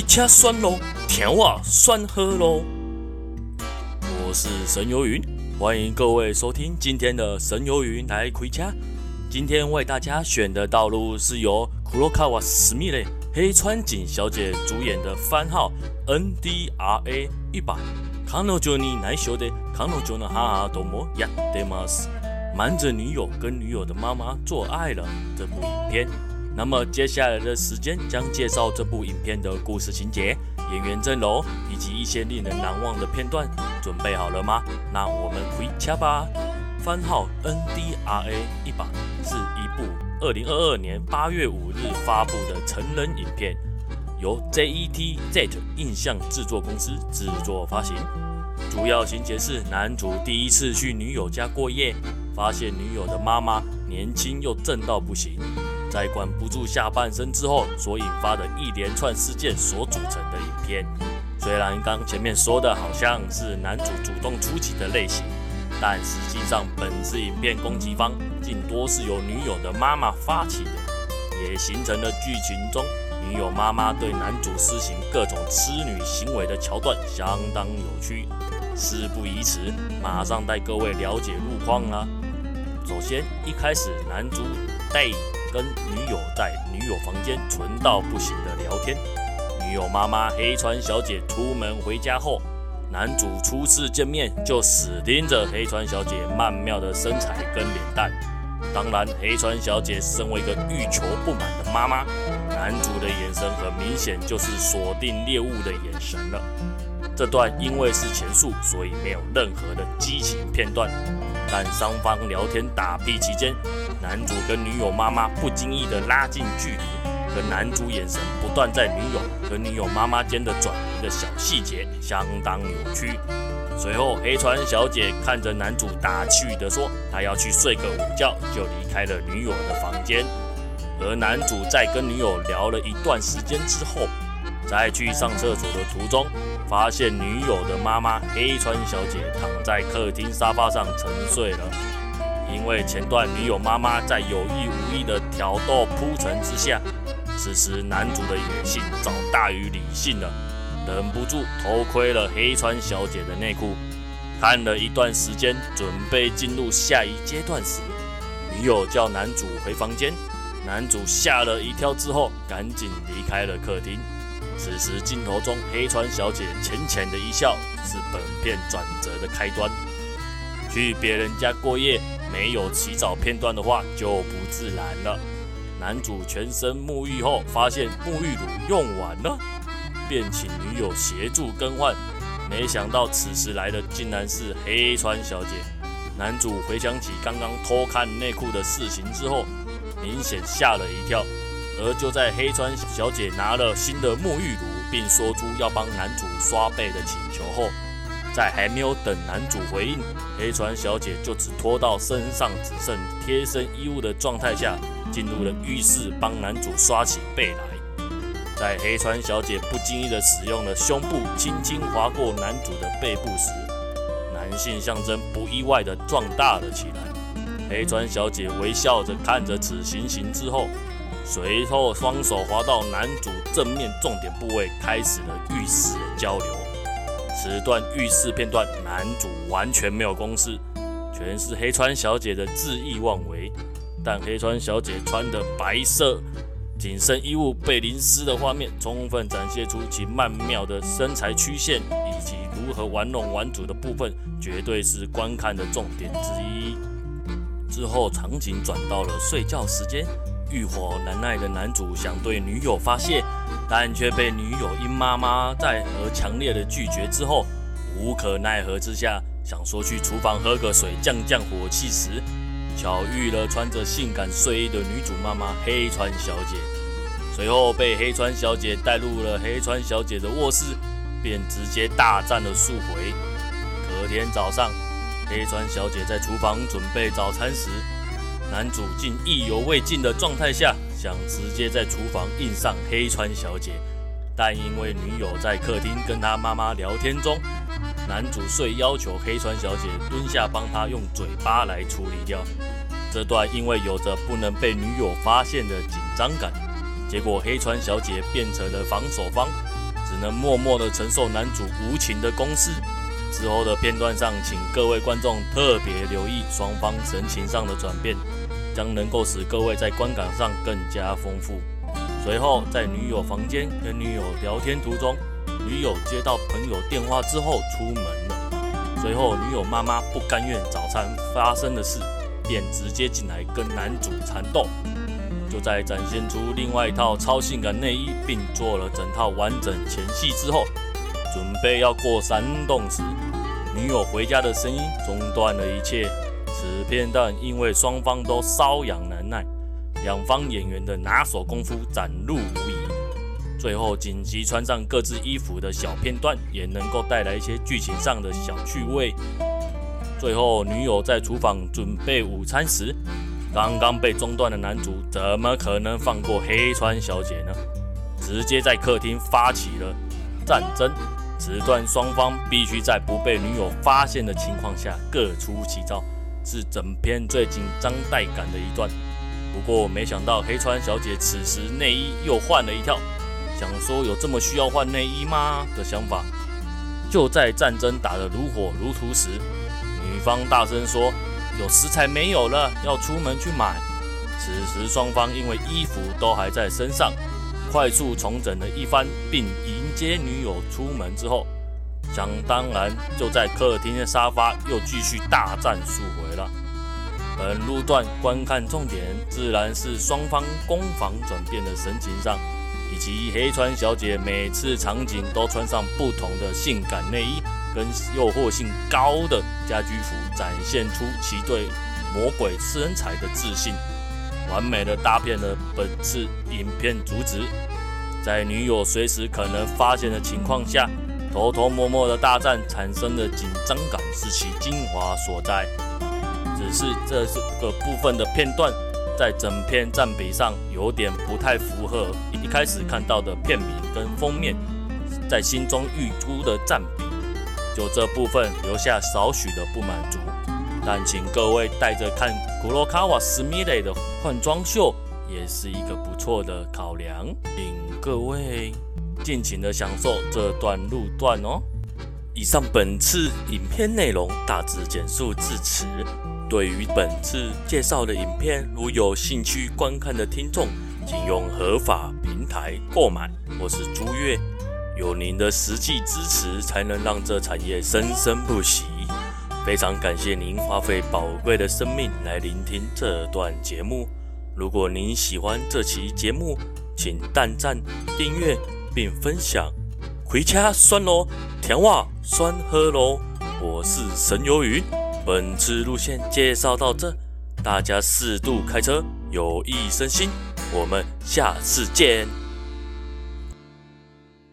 開車算了，甜話算喝嘍。我是神游雲，歡迎各位收聽今天的神游雲來開車。今天為大家選的道路是由庫洛卡瓦斯米勒黑川菫小姐主演的番號 N D R A 一百。看洛·就你奈修的看洛·就尼哈哈多麼呀德馬斯瞞着女友跟女友的媽媽做愛了。這部影片。那麼接下來的時間將介紹這部影片的故事情節、演員陣容以及一些令人難忘的片段。準備好了嗎？那我們回家吧。番號 N D R A 一百是一部二零二二年八月五日發布的成人影片，由 Z E T Z 印象製作公司製作發行。主要情節是男主第一次去女友家過夜，發現女友的媽媽年輕又正到不行。在管不住下半身之後所引發的一連串事件所組成的影片，雖然剛前面說的好像是男主主動出擊的類型，但實際上本次影片攻擊方竟多是由女友的媽媽發起的，也形成了劇情中女友媽媽對男主施行各種痴女行為的橋段，相當有趣。事不宜遲，馬上帶各位了解路況啦。首先一開始男主帶。跟女友在女友房間純到不行的聊天，女友媽媽黑川小姐出門回家後，男主初次見面就死盯着黑川小姐曼妙的身材跟臉蛋。當然，黑川小姐身為一個欲求不滿的媽媽，男主的眼神很明顯就是鎖定獵物的眼神了。這段因為是前述，所以沒有任何的激情片段，但雙方聊天打屁期間。男主跟女友媽媽不經意的拉近距離，可男主眼神不斷在女友和女友媽媽間的轉移的小細節相當有趣。隨後，黑川小姐看着男主打趣的說：“她要去睡個午覺”，就離開了女友的房間。而男主在跟女友聊了一段時間之後，在去上廁所的途中，發現女友的媽媽黑川小姐躺在客廳沙發上沉睡了。因為前段女友媽媽在有意無意的挑逗鋪陳之下，此時男主的野性早大於理性了，忍不住偷窺了黑川小姐的內褲，看了一段時間，準備進入下一階段時，女友叫男主回房間，男主嚇了一跳之後，趕緊離開了客廳。此時鏡頭中黑川小姐淺淺的一笑，是本片轉折的開端。去別人家過夜，沒有洗澡片段的話就不自然了。男主全身沐浴後，發現沐浴乳用完了，便請女友協助更換。沒想到此時來的竟然是黑川小姐。男主回想起剛剛偷看內褲的事情之後，明顯嚇了一跳。而就在黑川小姐拿了新的沐浴乳，並說出要幫男主刷背的請求後，在還沒有等男主回應，黑川小姐就只脫到身上只剩貼身衣物的狀態下，進入了浴室幫男主刷起背來。在黑川小姐不經意的使用了胸部輕輕劃過男主的背部時，男性象徵不意外的壯大了起來。黑川小姐微笑着看着此情形之後，隨後雙手滑到男主正面重點部位，開始了浴室的交流。此段浴室片段，男主完全沒有攻勢，全是黑川小姐的恣意妄為。但黑川小姐穿的白色緊身衣物被淋濕的畫面，充分展現出其曼妙的身材曲線，以及如何玩弄男主的部分，絕對是觀看的重點之一。之後場景轉到了睡覺時間，慾火難耐的男主想對女友發洩。但卻被女友因媽媽在而強烈的拒絕之後，無可奈何之下，想說去廚房喝個水降降火氣時，巧遇了穿着性感睡衣的女主媽媽黑川小姐，隨後被黑川小姐帶入了黑川小姐的臥室，便直接大戰了數回。隔天早上，黑川小姐在廚房準備早餐時。男主竟意猶未盡的狀態下，想直接在廚房硬上黑川小姐，但因為女友在客廳跟他媽媽聊天中，男主遂要求黑川小姐蹲下幫他用嘴巴來處理掉。這段因為有着不能被女友發現的緊張感，結果黑川小姐變成了防守方，只能默默地承受男主無情的攻勢。之後的片段上，請各位觀眾特別留意雙方神情上的轉變。將能夠使各位在觀感上更加豐富。隨後，在女友房間跟女友聊天途中，女友接到朋友電話之後出門了。隨後，女友媽媽不甘願早餐發生的事，便直接進來跟男主纏鬥。就在展現出另外一套超性感內衣並做了整套完整前戲之後，準備要過山洞時，女友回家的聲音中斷了一切。片段因為雙方都瘙癢難耐，兩方演員的拿手功夫展露無遺。最後緊急穿上各自衣服的小片段，也能夠帶來一些劇情上的小趣味。最後，女友在廚房準備午餐時，剛剛被中斷的男主怎麼可能放過黑川小姐呢？直接在客廳發起了戰爭。此段雙方必須在不被女友發現的情況下，各出奇招。是整篇最緊張帶感的一段，不過我沒想到黑川小姐此時內衣又換了一套，想說有這麼需要換內衣嗎的想法。就在戰爭打得如火如荼時，女方大聲說有食材沒有了，要出門去買。此時雙方因為衣服都還在身上，快速重整了一番，並迎接女友出門之後。想當然，就在客廳的沙發又繼續大戰數回了。本路段觀看重點自然是雙方攻防轉變的神情上，以及黑川小姐每次場景都穿上不同的性感內衣跟誘惑性高的家居服，展現出其對魔鬼身材的自信，完美的搭配了本次影片主旨。在女友隨時可能發現的情況下，偷偷摸摸的大戰產生的緊張感是其精華所在，只是這個部分的片段，在整片占比上有點不太符合一開始看到的片名跟封面，在心中預估的占比，就這部分留下少許的不滿足，但請各位帶着看黒川すみれ的換裝秀也是一個不錯的考量，請各位。盡情的享受這段路段哦。以上本次影片內容大致簡述至此。對於本次介紹的影片，如有興趣觀看的聽眾，請用合法平台購買。我是朱月，有您的實際支持，才能讓這產業生生不息。非常感謝您花費寶貴的生命來聆聽這段節目。如果您喜歡這期節目，請點贊、訂閱。並分享，回家酸咯，甜話酸喝咯。我是神魷魚，本次路線介紹到這，大家適度開車，有益身心。我們下次見。